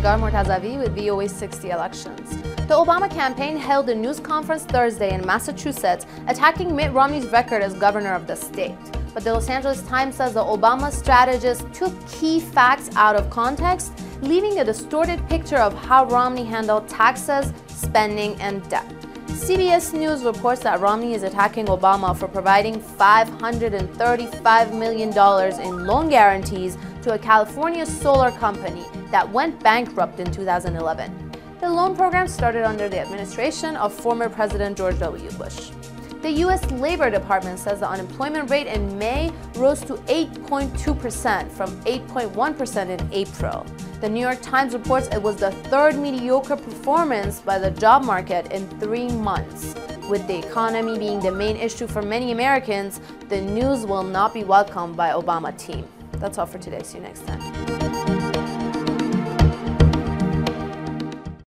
Negar with VOA 60 Elections. The Obama campaign held a news conference Thursday in Massachusetts, attacking Mitt Romney's record as governor of the state. But the Los Angeles Times says the Obama strategist took key facts out of context, leaving a distorted picture of how Romney handled taxes, spending, and debt. CBS News reports that Romney is attacking Obama for providing $535 million in loan guarantees to a California solar company that went bankrupt in 2011. The loan program started under the administration of former President George W. Bush. The U.S. Labor Department says the unemployment rate in May rose to 8.2% from 8.1% in April. The New York Times reports it was the third mediocre performance by the job market in three months. With the economy being the main issue for many Americans, the news will not be welcomed by Obama team. That's all for today. See you next time.